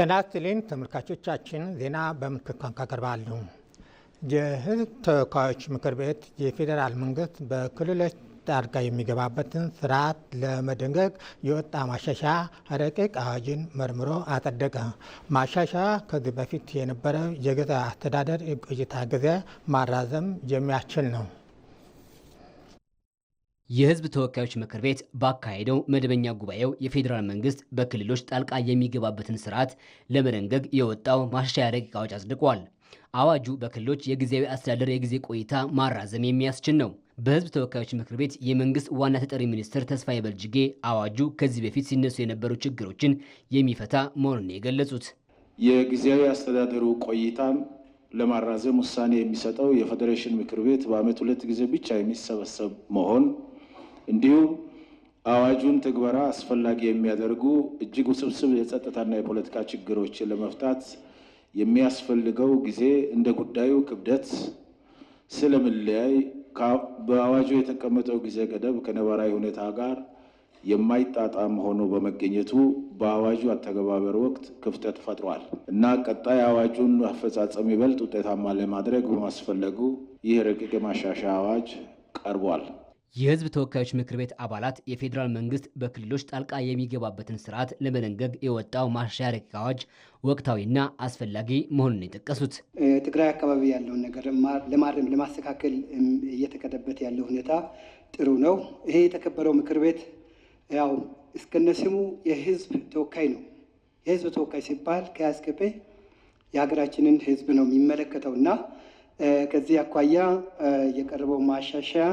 ጤና ይስጥልኝ ተመልካቾቻችን፣ ዜና በምልክት ቋንቋ የህዝብ የሕዝብ ተወካዮች ምክር ቤት የፌዴራል መንግስት በክልሎች ጣልቃ የሚገባበትን ስርዓት ለመደንገግ የወጣ ማሻሻያ ረቂቅ አዋጅን መርምሮ አጸደቀ። ማሻሻያ ከዚህ በፊት የነበረው የገዛ አስተዳደር የቆይታ ጊዜ ማራዘም የሚያስችል ነው። የህዝብ ተወካዮች ምክር ቤት ባካሄደው መደበኛ ጉባኤው የፌዴራል መንግስት በክልሎች ጣልቃ የሚገባበትን ስርዓት ለመደንገግ የወጣው ማሻሻያ ረቂቅ አዋጅ አጽድቋል። አዋጁ በክልሎች የጊዜያዊ አስተዳደር የጊዜ ቆይታ ማራዘም የሚያስችል ነው። በህዝብ ተወካዮች ምክር ቤት የመንግስት ዋና ተጠሪ ሚኒስትር ተስፋዬ በልጅጌ አዋጁ ከዚህ በፊት ሲነሱ የነበሩ ችግሮችን የሚፈታ መሆኑን የገለጹት የጊዜያዊ አስተዳደሩ ቆይታ ለማራዘም ውሳኔ የሚሰጠው የፌዴሬሽን ምክር ቤት በዓመት ሁለት ጊዜ ብቻ የሚሰበሰብ መሆን እንዲሁም አዋጁን ትግበራ አስፈላጊ የሚያደርጉ እጅግ ውስብስብ የጸጥታና የፖለቲካ ችግሮችን ለመፍታት የሚያስፈልገው ጊዜ እንደ ጉዳዩ ክብደት ስለምለያይ በአዋጁ የተቀመጠው ጊዜ ገደብ ከነባራዊ ሁኔታ ጋር የማይጣጣም ሆኖ በመገኘቱ በአዋጁ አተገባበር ወቅት ክፍተት ፈጥሯል እና ቀጣይ አዋጁን አፈጻጸም ይበልጥ ውጤታማ ለማድረግ በማስፈለጉ ይህ ረቂቅ የማሻሻያ አዋጅ ቀርቧል። የህዝብ ተወካዮች ምክር ቤት አባላት የፌዴራል መንግስት በክልሎች ጣልቃ የሚገባበትን ስርዓት ለመደንገግ የወጣው ማሻሻያ ረቂቅ አዋጅ ወቅታዊና አስፈላጊ መሆኑን የጠቀሱት ትግራይ አካባቢ ያለውን ነገር ለማረም ለማስተካከል እየተቀደበት ያለው ሁኔታ ጥሩ ነው። ይሄ የተከበረው ምክር ቤት ያው እስከነስሙ የህዝብ ተወካይ ነው። የህዝብ ተወካይ ሲባል ከያስገበ የሀገራችንን ህዝብ ነው የሚመለከተው እና ከዚህ አኳያ የቀረበው ማሻሻያ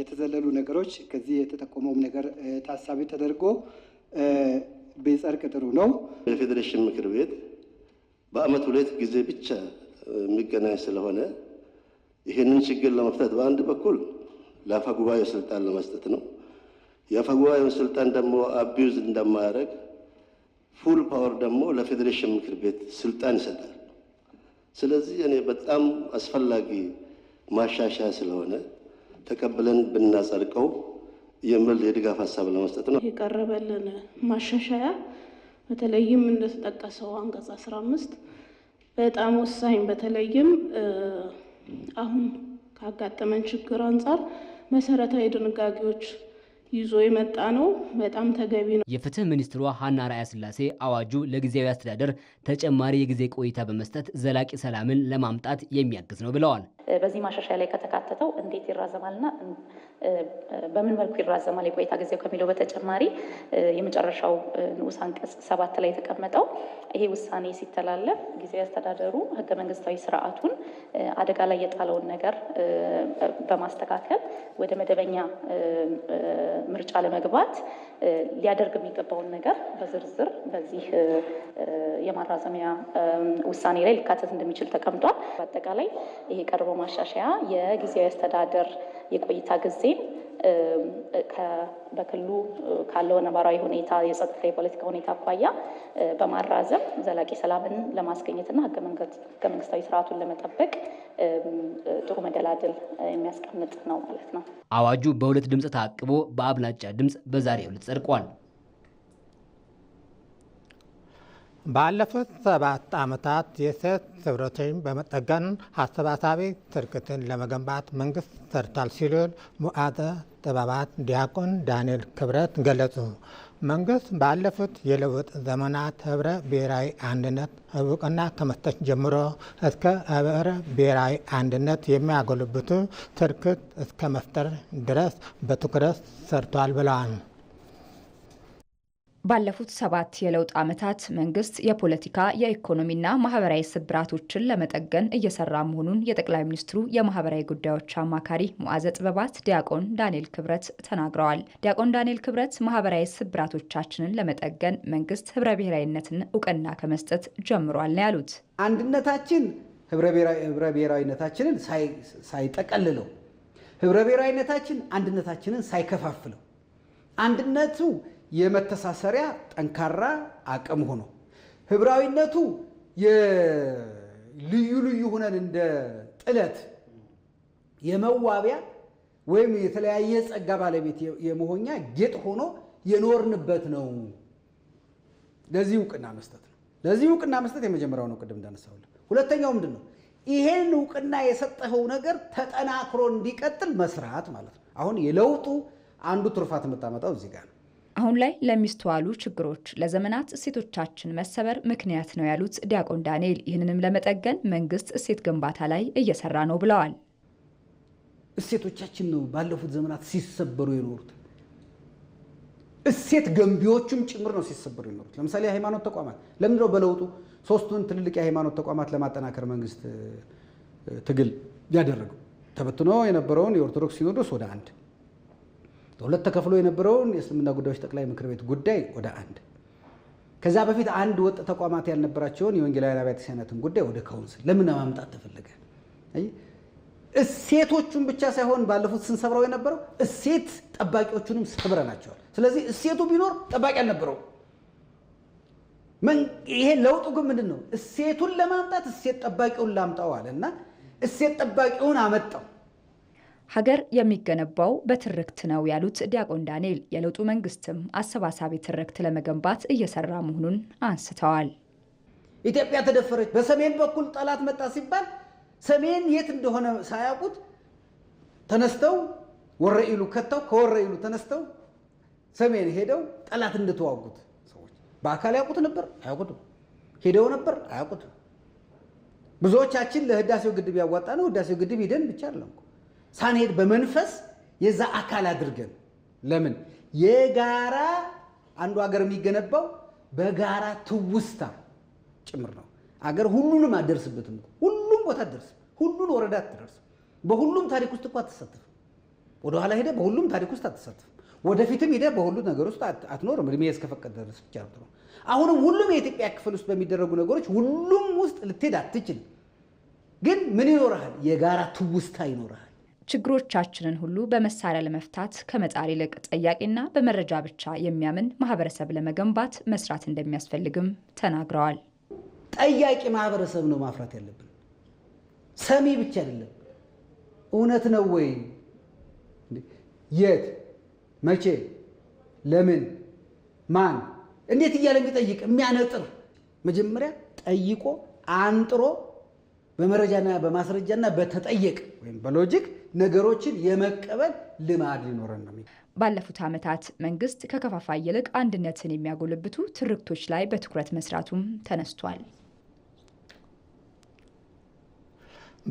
የተዘለሉ ነገሮች ከዚህ የተጠቆመውም ነገር ታሳቢ ተደርጎ ቢጸድቅ ጥሩ ነው። የፌዴሬሽን ምክር ቤት በዓመት ሁለት ጊዜ ብቻ የሚገናኝ ስለሆነ ይህንን ችግር ለመፍታት በአንድ በኩል ለአፈ ጉባኤው ስልጣን ለመስጠት ነው። የአፈ ጉባኤውን ስልጣን ደግሞ አቢዩዝ እንደማያደርግ ፉል ፓወር ደግሞ ለፌዴሬሽን ምክር ቤት ስልጣን ይሰጣል። ስለዚህ እኔ በጣም አስፈላጊ ማሻሻያ ስለሆነ ተቀብለን ብናጸድቀው የሚል የድጋፍ ሀሳብ ለመስጠት ነው የቀረበልን ማሻሻያ። በተለይም እንደተጠቀሰው አንቀጽ አስራ አምስት በጣም ወሳኝ በተለይም አሁን ካጋጠመን ችግር አንጻር መሰረታዊ ድንጋጌዎች ይዞ የመጣ ነው። በጣም ተገቢ ነው። የፍትህ ሚኒስትሯ ሀና ራያ ስላሴ አዋጁ ለጊዜያዊ አስተዳደር ተጨማሪ የጊዜ ቆይታ በመስጠት ዘላቂ ሰላምን ለማምጣት የሚያግዝ ነው ብለዋል። በዚህ ማሻሻያ ላይ ከተካተተው እንዴት ይራዘማልና በምን መልኩ ይራዘማል የቆይታ ጊዜው ከሚለው በተጨማሪ የመጨረሻው ንዑስ አንቀጽ ሰባት ላይ የተቀመጠው ይሄ ውሳኔ ሲተላለፍ ጊዜ አስተዳደሩ ህገ መንግስታዊ ስርዓቱን አደጋ ላይ የጣለውን ነገር በማስተካከል ወደ መደበኛ ምርጫ ለመግባት ሊያደርግ የሚገባውን ነገር በዝርዝር በዚህ የማራዘሚያ ውሳኔ ላይ ሊካተት እንደሚችል ተቀምጧል። በአጠቃላይ ይሄ ቀርቦ ማሻሻያ የጊዜያዊ አስተዳደር የቆይታ ጊዜም በክልሉ ካለው ነባራዊ ሁኔታ የጸጥታ የፖለቲካ ሁኔታ አኳያ በማራዘም ዘላቂ ሰላምን ለማስገኘትና ህገ መንግስታዊ ስርዓቱን ለመጠበቅ ጥሩ መደላድል የሚያስቀምጥ ነው ማለት ነው። አዋጁ በሁለት ድምፅ ታቅቦ በአብላጫ ድምፅ በዛሬው ዕለት ጸድቋል። ባለፉት ሰባት ዓመታት የሴት ስብረቶችን በመጠገን አሰባሳቢ ትርክትን ለመገንባት መንግስት ሰርቷል ሲሉ ሙዓዘ ጥበባት ዲያቆን ዳንኤል ክብረት ገለጹ። መንግስት ባለፉት የለውጥ ዘመናት ህብረ ብሔራዊ አንድነት እውቅና ከመስጠት ጀምሮ እስከ ህብረ ብሔራዊ አንድነት የሚያጎለብቱ ትርክት እስከ መፍጠር ድረስ በትኩረት ሰርቷል ብለዋል። ባለፉት ሰባት የለውጥ ዓመታት መንግስት የፖለቲካ የኢኮኖሚና ማህበራዊ ስብራቶችን ለመጠገን እየሰራ መሆኑን የጠቅላይ ሚኒስትሩ የማህበራዊ ጉዳዮች አማካሪ ሙዓዘ ጥበባት ዲያቆን ዳንኤል ክብረት ተናግረዋል። ዲያቆን ዳንኤል ክብረት ማህበራዊ ስብራቶቻችንን ለመጠገን መንግስት ህብረ ብሔራዊነትን እውቅና ከመስጠት ጀምሯል ነው ያሉት። አንድነታችን ህብረ ብሔራዊነታችንን ሳይጠቀልለው፣ ህብረ ብሔራዊነታችን አንድነታችንን ሳይከፋፍለው አንድነቱ የመተሳሰሪያ ጠንካራ አቅም ሆኖ ህብራዊነቱ ልዩ ልዩ ሆነን እንደ ጥለት የመዋቢያ ወይም የተለያየ ጸጋ ባለቤት የመሆኛ ጌጥ ሆኖ የኖርንበት ነው። ለዚህ እውቅና መስጠት ነው። ለዚህ እውቅና መስጠት የመጀመሪያው ነው፣ ቅድም እንዳነሳሁልህ። ሁለተኛው ምንድን ነው? ይሄን እውቅና የሰጠኸው ነገር ተጠናክሮ እንዲቀጥል መስራት ማለት ነው። አሁን የለውጡ አንዱ ትሩፋት የምታመጣው እዚህ ጋር አሁን ላይ ለሚስተዋሉ ችግሮች ለዘመናት እሴቶቻችን መሰበር ምክንያት ነው ያሉት ዲያቆን ዳንኤል ይህንንም ለመጠገን መንግስት እሴት ግንባታ ላይ እየሰራ ነው ብለዋል። እሴቶቻችን ነው ባለፉት ዘመናት ሲሰበሩ የኖሩት። እሴት ገንቢዎቹም ጭምር ነው ሲሰበሩ የኖሩት። ለምሳሌ የሃይማኖት ተቋማት ለምንድነው በለውጡ ሶስቱን ትልልቅ የሃይማኖት ተቋማት ለማጠናከር መንግስት ትግል ያደረገው? ተበትኖ የነበረውን የኦርቶዶክስ ሲኖዶስ ወደ አንድ በሁለት ተከፍሎ የነበረውን የእስልምና ጉዳዮች ጠቅላይ ምክር ቤት ጉዳይ ወደ አንድ፣ ከዛ በፊት አንድ ወጥ ተቋማት ያልነበራቸውን የወንጌላውያን አብያተ ክርስቲያናትን ጉዳይ ወደ ካውንስል ለምን ማምጣት ተፈለገ? እሴቶቹን ብቻ ሳይሆን ባለፉት ስንሰብረው የነበረው እሴት ጠባቂዎቹንም ሰብረናቸዋል። ስለዚህ እሴቱ ቢኖር ጠባቂ አልነበረው። ይሄ ለውጡ ግን ምንድን ነው? እሴቱን ለማምጣት እሴት ጠባቂውን ላምጣው አለ እና እሴት ጠባቂውን አመጣው። ሀገር የሚገነባው በትርክት ነው ያሉት ዲያቆን ዳንኤል የለውጡ መንግስትም አሰባሳቢ ትርክት ለመገንባት እየሰራ መሆኑን አንስተዋል። ኢትዮጵያ ተደፈረች። በሰሜን በኩል ጠላት መጣ ሲባል ሰሜን የት እንደሆነ ሳያውቁት ተነስተው ወረኢሉ ከተው ከወረኢሉ ተነስተው ሰሜን ሄደው ጠላት እንደተዋጉት ሰዎች በአካል ያውቁት ነበር አያውቁት፣ ሄደው ነበር አያውቁት። ብዙዎቻችን ለህዳሴው ግድብ ያዋጣ ነው። ህዳሴው ግድብ ሂደን ብቻ አለም ሳንሄድ በመንፈስ የዛ አካል አድርገን ለምን የጋራ አንዱ ሀገር የሚገነባው በጋራ ትውስታ ጭምር ነው። አገር ሁሉንም አደርስበትም። ሁሉም ቦታ ደርስ ሁሉን ወረዳ አትደርስም። በሁሉም ታሪክ ውስጥ እኮ አትሳተፍም። ወደኋላ ሄደ በሁሉም ታሪክ ውስጥ አትሳተፍም። ወደፊትም ሄደ በሁሉ ነገር ውስጥ አትኖርም። እድሜ እስከፈቀደ ድረስ ብቻ ነው። አሁንም ሁሉም የኢትዮጵያ ክፍል ውስጥ በሚደረጉ ነገሮች ሁሉም ውስጥ ልትሄድ አትችል ግን ምን ይኖርሃል? የጋራ ትውስታ ይኖርሃል። ችግሮቻችንን ሁሉ በመሳሪያ ለመፍታት ከመጣር ይልቅ ጠያቂና በመረጃ ብቻ የሚያምን ማህበረሰብ ለመገንባት መስራት እንደሚያስፈልግም ተናግረዋል። ጠያቂ ማህበረሰብ ነው ማፍራት ያለብን፣ ሰሚ ብቻ አይደለም። እውነት ነው ወይ? የት፣ መቼ፣ ለምን፣ ማን፣ እንዴት እያለ የሚጠይቅ የሚያነጥር መጀመሪያ ጠይቆ አንጥሮ በመረጃና በማስረጃና በተጠየቅ ወይም በሎጂክ ነገሮችን የመቀበል ልማድ ሊኖረን ነው። ባለፉት ዓመታት መንግስት ከከፋፋይ ይልቅ አንድነትን የሚያጎለብቱ ትርክቶች ላይ በትኩረት መስራቱም ተነስቷል።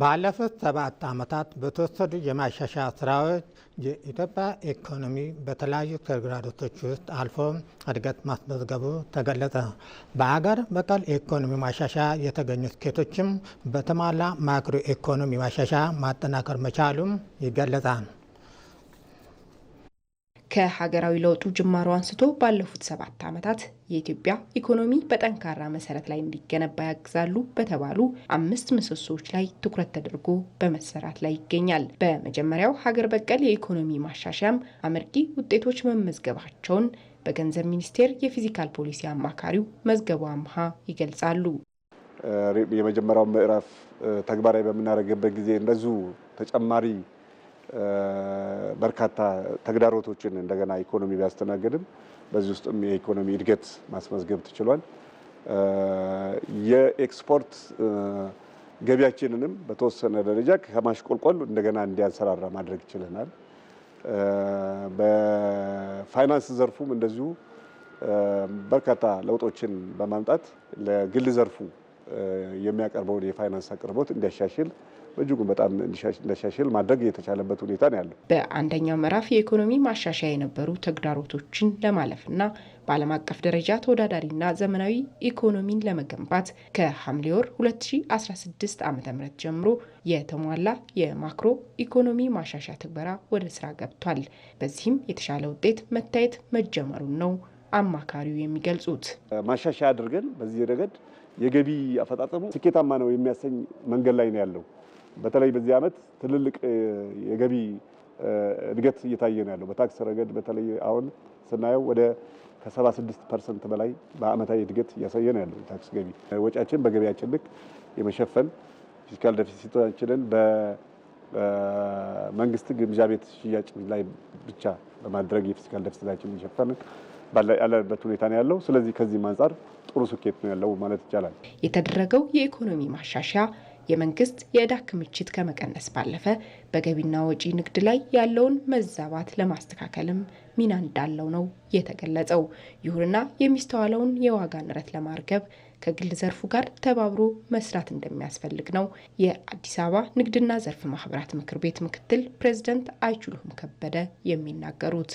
ባለፉት ሰባት ዓመታት በተወሰዱ የማሻሻያ ስራዎች የኢትዮጵያ ኢኮኖሚ በተለያዩ ተግዳሮቶች ውስጥ አልፎ እድገት ማስመዝገቡ ተገለጸ። በአገር በቀል ኢኮኖሚ ማሻሻያ የተገኙ ስኬቶችም በተሟላ ማክሮ ኢኮኖሚ ማሻሻያ ማጠናከር መቻሉም ይገለጻል። ከሀገራዊ ለውጡ ጅማሮ አንስቶ ባለፉት ሰባት ዓመታት የኢትዮጵያ ኢኮኖሚ በጠንካራ መሰረት ላይ እንዲገነባ ያግዛሉ በተባሉ አምስት ምሰሶዎች ላይ ትኩረት ተደርጎ በመሰራት ላይ ይገኛል። በመጀመሪያው ሀገር በቀል የኢኮኖሚ ማሻሻያም አመርቂ ውጤቶች መመዝገባቸውን በገንዘብ ሚኒስቴር የፊዚካል ፖሊሲ አማካሪው መዝገቡ አምሃ ይገልጻሉ። የመጀመሪያው ምዕራፍ ተግባራዊ በምናደርግበት ጊዜ እንደዚሁ ተጨማሪ በርካታ ተግዳሮቶችን እንደገና ኢኮኖሚ ቢያስተናግድም በዚህ ውስጥም የኢኮኖሚ እድገት ማስመዝገብ ትችሏል። የኤክስፖርት ገቢያችንንም በተወሰነ ደረጃ ከማሽቆልቆል እንደገና እንዲያንሰራራ ማድረግ ችለናል። በፋይናንስ ዘርፉም እንደዚሁ በርካታ ለውጦችን በማምጣት ለግል ዘርፉ የሚያቀርበውን የፋይናንስ አቅርቦት እንዲያሻሽል በእጅጉ በጣም እንዲሻሽል ማድረግ የተቻለበት ሁኔታ ነው ያለው። በአንደኛው ምዕራፍ የኢኮኖሚ ማሻሻያ የነበሩ ተግዳሮቶችን ለማለፍና በዓለም አቀፍ ደረጃ ተወዳዳሪና ዘመናዊ ኢኮኖሚን ለመገንባት ከሐምሌ ወር 2016 ዓ ም ጀምሮ የተሟላ የማክሮ ኢኮኖሚ ማሻሻያ ትግበራ ወደ ስራ ገብቷል። በዚህም የተሻለ ውጤት መታየት መጀመሩን ነው አማካሪው የሚገልጹት። ማሻሻያ አድርገን በዚህ ረገድ የገቢ አፈጣጠሙ ስኬታማ ነው የሚያሰኝ መንገድ ላይ ነው ያለው። በተለይ በዚህ ዓመት ትልልቅ የገቢ እድገት እየታየ ነው ያለው። በታክስ ረገድ በተለይ አሁን ስናየው ወደ ከ76 ፐርሰንት በላይ በአመታዊ እድገት እያሳየ ነው ያለው የታክስ ገቢ። ወጪያችን በገቢያችን ልክ የመሸፈን ፊስካል ደፊሲቶችንን በመንግስት ግምጃ ቤት ሽያጭ ላይ ብቻ በማድረግ የፊስካል ደፊሲታችን የሸፈን ያለበት ሁኔታ ነው ያለው። ስለዚህ ከዚህም አንጻር ጥሩ ስኬት ነው ያለው ማለት ይቻላል። የተደረገው የኢኮኖሚ ማሻሻያ የመንግስት የዕዳ ክምችት ከመቀነስ ባለፈ በገቢና ወጪ ንግድ ላይ ያለውን መዛባት ለማስተካከልም ሚና እንዳለው ነው የተገለጸው። ይሁንና የሚስተዋለውን የዋጋ ንረት ለማርገብ ከግል ዘርፉ ጋር ተባብሮ መስራት እንደሚያስፈልግ ነው የአዲስ አበባ ንግድና ዘርፍ ማህበራት ምክር ቤት ምክትል ፕሬዚደንት አይችሉም ከበደ የሚናገሩት።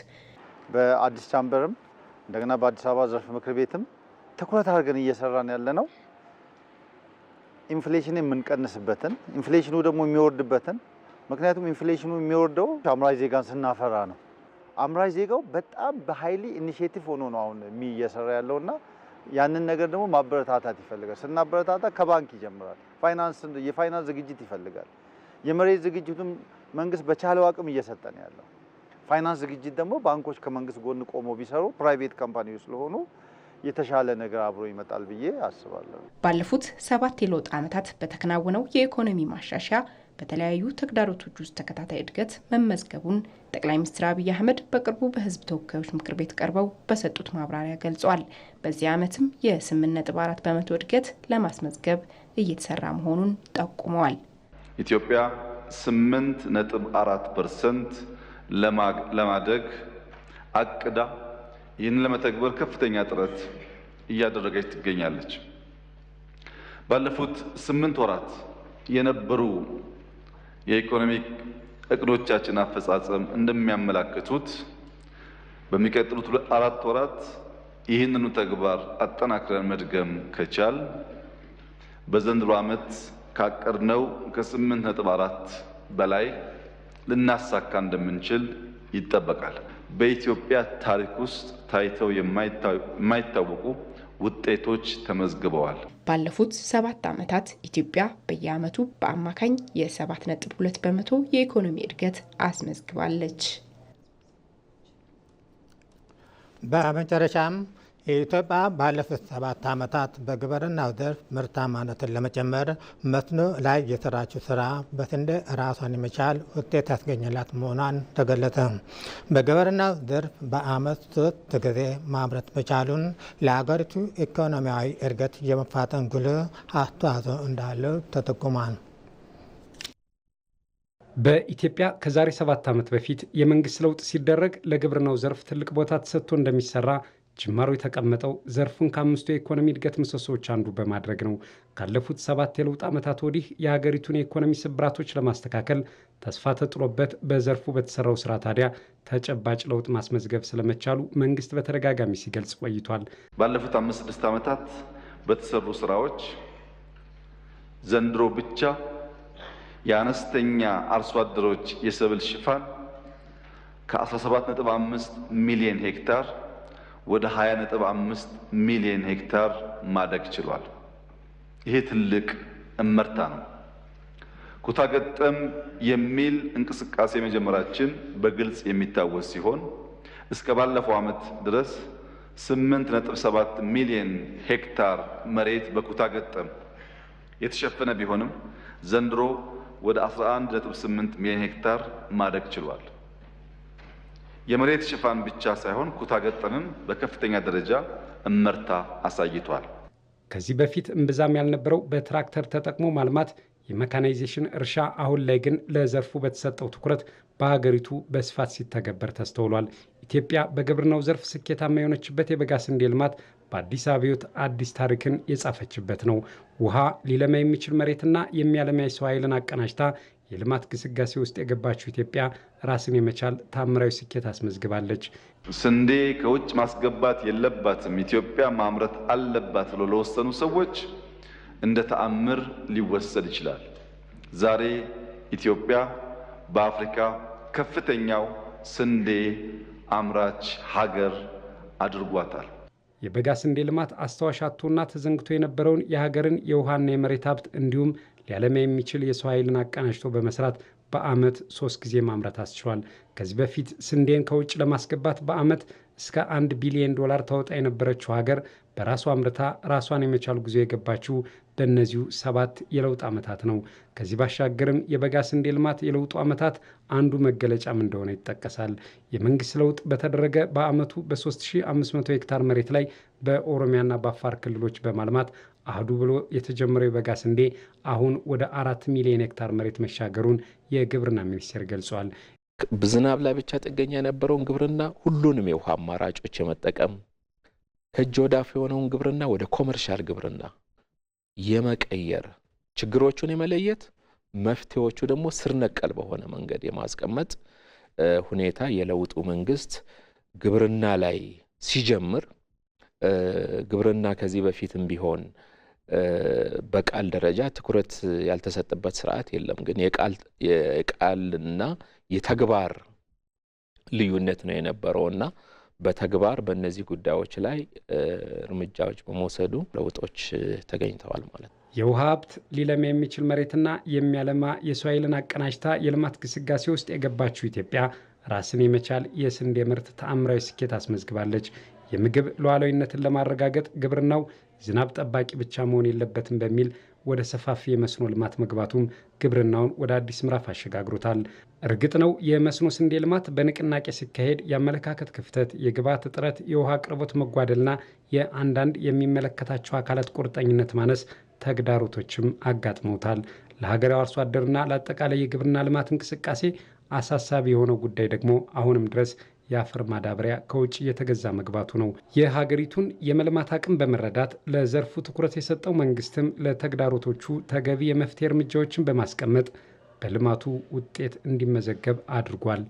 በአዲስ ቻምበርም እንደገና በአዲስ አበባ ዘርፍ ምክር ቤትም ትኩረት አድርገን እየሰራን ያለ ነው ኢንፍሌሽን የምንቀንስበትን ኢንፍሌሽኑ ደግሞ የሚወርድበትን ምክንያቱም ኢንፍሌሽኑ የሚወርደው አምራች ዜጋን ስናፈራ ነው። አምራች ዜጋው በጣም በሀይሊ ኢኒሽቲቭ ሆኖ ነው አሁን እየሰራ ያለው እና ያንን ነገር ደግሞ ማበረታታት ይፈልጋል። ስናበረታታ ከባንክ ይጀምራል። ፋይናንስ የፋይናንስ ዝግጅት ይፈልጋል። የመሬት ዝግጅቱም መንግስት በቻለው አቅም እየሰጠን ያለው ፋይናንስ ዝግጅት ደግሞ ባንኮች ከመንግስት ጎን ቆሞ ቢሰሩ ፕራይቬት ካምፓኒዎች ስለሆኑ የተሻለ ነገር አብሮ ይመጣል ብዬ አስባለሁ። ባለፉት ሰባት የለውጥ ዓመታት በተከናወነው የኢኮኖሚ ማሻሻያ በተለያዩ ተግዳሮቶች ውስጥ ተከታታይ እድገት መመዝገቡን ጠቅላይ ሚኒስትር አብይ አህመድ በቅርቡ በህዝብ ተወካዮች ምክር ቤት ቀርበው በሰጡት ማብራሪያ ገልጸዋል። በዚህ ዓመትም የ8 ነጥብ 4 በመቶ እድገት ለማስመዝገብ እየተሰራ መሆኑን ጠቁመዋል። ኢትዮጵያ 8 ነጥብ 4 ፐርሰንት ለማደግ አቅዳ ይህንን ለመተግበር ከፍተኛ ጥረት እያደረገች ትገኛለች። ባለፉት ስምንት ወራት የነበሩ የኢኮኖሚ እቅዶቻችን አፈጻጸም እንደሚያመላክቱት በሚቀጥሉት አራት ወራት ይህንኑ ተግባር አጠናክረን መድገም ከቻል በዘንድሮ ዓመት ካቀድነው ከስምንት ነጥብ አራት በላይ ልናሳካ እንደምንችል ይጠበቃል። በኢትዮጵያ ታሪክ ውስጥ ታይተው የማይታወቁ ውጤቶች ተመዝግበዋል። ባለፉት ሰባት ዓመታት ኢትዮጵያ በየዓመቱ በአማካኝ የ7.2 በመቶ የኢኮኖሚ እድገት አስመዝግባለች። በመጨረሻም የኢትዮጵያ ባለፉት ሰባት ዓመታት በግብርናው ዘርፍ ምርታማነትን ለመጨመር መስኖ ላይ የሰራችው ስራ በስንዴ ራሷን የመቻል ውጤት ያስገኘላት መሆኗን ተገለጸ። በግብርናው ዘርፍ በዓመት ሶስት ጊዜ ማምረት መቻሉን ለአገሪቱ ኢኮኖሚያዊ እድገት የመፋጠን ጉልህ አስተዋጽኦ እንዳለው ተጠቁሟል። በኢትዮጵያ ከዛሬ ሰባት ዓመት በፊት የመንግስት ለውጥ ሲደረግ ለግብርናው ዘርፍ ትልቅ ቦታ ተሰጥቶ እንደሚሰራ ጅማሮ የተቀመጠው ዘርፉን ከአምስቱ የኢኮኖሚ እድገት ምሰሶዎች አንዱ በማድረግ ነው። ካለፉት ሰባት የለውጥ ዓመታት ወዲህ የሀገሪቱን የኢኮኖሚ ስብራቶች ለማስተካከል ተስፋ ተጥሎበት በዘርፉ በተሰራው ስራ ታዲያ ተጨባጭ ለውጥ ማስመዝገብ ስለመቻሉ መንግስት በተደጋጋሚ ሲገልጽ ቆይቷል። ባለፉት አምስት ስድስት ዓመታት በተሰሩ ስራዎች ዘንድሮ ብቻ የአነስተኛ አርሶ አደሮች የሰብል ሽፋን ከ17.5 ሚሊዮን ሄክታር ወደ 25 ሚሊዮን ሄክታር ማደግ ችሏል። ይሄ ትልቅ እመርታ ነው። ኩታ ገጠም የሚል እንቅስቃሴ መጀመራችን በግልጽ የሚታወስ ሲሆን እስከ ባለፈው ዓመት ድረስ 8.7 ሚሊዮን ሄክታር መሬት በኩታ ገጠም የተሸፈነ ቢሆንም ዘንድሮ ወደ 11.8 ሚሊዮን ሄክታር ማደግ ችሏል። የመሬት ሽፋን ብቻ ሳይሆን ኩታ ገጠምም በከፍተኛ ደረጃ እመርታ አሳይቷል። ከዚህ በፊት እምብዛም ያልነበረው በትራክተር ተጠቅሞ ማልማት የመካናይዜሽን እርሻ አሁን ላይ ግን ለዘርፉ በተሰጠው ትኩረት በሀገሪቱ በስፋት ሲተገበር ተስተውሏል። ኢትዮጵያ በግብርናው ዘርፍ ስኬታማ የሆነችበት የበጋ ስንዴ ልማት በአዲስ አብዮት አዲስ ታሪክን የጻፈችበት ነው። ውሃ ሊለማ የሚችል መሬትና የሚያለማ ሰው ኃይልን አቀናጅታ የልማት ግስጋሴ ውስጥ የገባችው ኢትዮጵያ ራስን የመቻል ታምራዊ ስኬት አስመዝግባለች። ስንዴ ከውጭ ማስገባት የለባትም ኢትዮጵያ ማምረት አለባት ብሎ ለወሰኑ ሰዎች እንደ ተአምር ሊወሰድ ይችላል። ዛሬ ኢትዮጵያ በአፍሪካ ከፍተኛው ስንዴ አምራች ሀገር አድርጓታል። የበጋ ስንዴ ልማት አስታዋሽ አቶና ተዘንግቶ የነበረውን የሀገርን የውሃና የመሬት ሀብት እንዲሁም ሊያለማ የሚችል የሰው ኃይልን አቀናጅቶ በመስራት በአመት ሶስት ጊዜ ማምረት አስችሏል። ከዚህ በፊት ስንዴን ከውጭ ለማስገባት በአመት እስከ አንድ ቢሊየን ዶላር ታወጣ የነበረችው ሀገር በራሷ አምርታ ራሷን የመቻል ጉዞ የገባችው በእነዚሁ ሰባት የለውጥ ዓመታት ነው። ከዚህ ባሻገርም የበጋ ስንዴ ልማት የለውጡ ዓመታት አንዱ መገለጫም እንደሆነ ይጠቀሳል። የመንግስት ለውጥ በተደረገ በዓመቱ በ3500 ሄክታር መሬት ላይ በኦሮሚያና በአፋር ክልሎች በማልማት አህዱ ብሎ የተጀመረው የበጋ ስንዴ አሁን ወደ አራት ሚሊዮን ሄክታር መሬት መሻገሩን የግብርና ሚኒስቴር ገልጿል። ብዝናብ ላይ ብቻ ጥገኛ የነበረውን ግብርና ሁሉንም የውሃ አማራጮች የመጠቀም ከእጅ ወዳፍ የሆነውን ግብርና ወደ ኮመርሻል ግብርና የመቀየር ችግሮቹን የመለየት መፍትሄዎቹ ደግሞ ስር ነቀል በሆነ መንገድ የማስቀመጥ ሁኔታ የለውጡ መንግስት ግብርና ላይ ሲጀምር ግብርና ከዚህ በፊትም ቢሆን በቃል ደረጃ ትኩረት ያልተሰጠበት ስርዓት የለም። ግን የቃልና የተግባር ልዩነት ነው የነበረውና በተግባር በእነዚህ ጉዳዮች ላይ እርምጃዎች በመውሰዱ ለውጦች ተገኝተዋል ማለት ነው። የውሃ ሀብት ሊለማ የሚችል መሬትና የሚያለማ የሰው ኃይልን አቀናጅታ የልማት ግስጋሴ ውስጥ የገባችው ኢትዮጵያ ራስን የመቻል የስንዴ ምርት ተአምራዊ ስኬት አስመዝግባለች። የምግብ ሉዓላዊነትን ለማረጋገጥ ግብርናው ዝናብ ጠባቂ ብቻ መሆን የለበትም በሚል ወደ ሰፋፊ የመስኖ ልማት መግባቱም ግብርናውን ወደ አዲስ ምዕራፍ አሸጋግሮታል። እርግጥ ነው የመስኖ ስንዴ ልማት በንቅናቄ ሲካሄድ የአመለካከት ክፍተት፣ የግብዓት እጥረት፣ የውሃ አቅርቦት መጓደልና የአንዳንድ የሚመለከታቸው አካላት ቁርጠኝነት ማነስ ተግዳሮቶችም አጋጥመውታል። ለሀገራዊ አርሶ አደርና ለአጠቃላይ የግብርና ልማት እንቅስቃሴ አሳሳቢ የሆነው ጉዳይ ደግሞ አሁንም ድረስ የአፈር ማዳበሪያ ከውጭ እየተገዛ መግባቱ ነው። የሀገሪቱን የመልማት አቅም በመረዳት ለዘርፉ ትኩረት የሰጠው መንግስትም ለተግዳሮቶቹ ተገቢ የመፍትሄ እርምጃዎችን በማስቀመጥ በልማቱ ውጤት እንዲመዘገብ አድርጓል።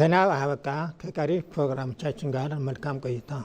ገና አበቃ። ከቀሪ ፕሮግራሞቻችን ጋር መልካም ቆይታ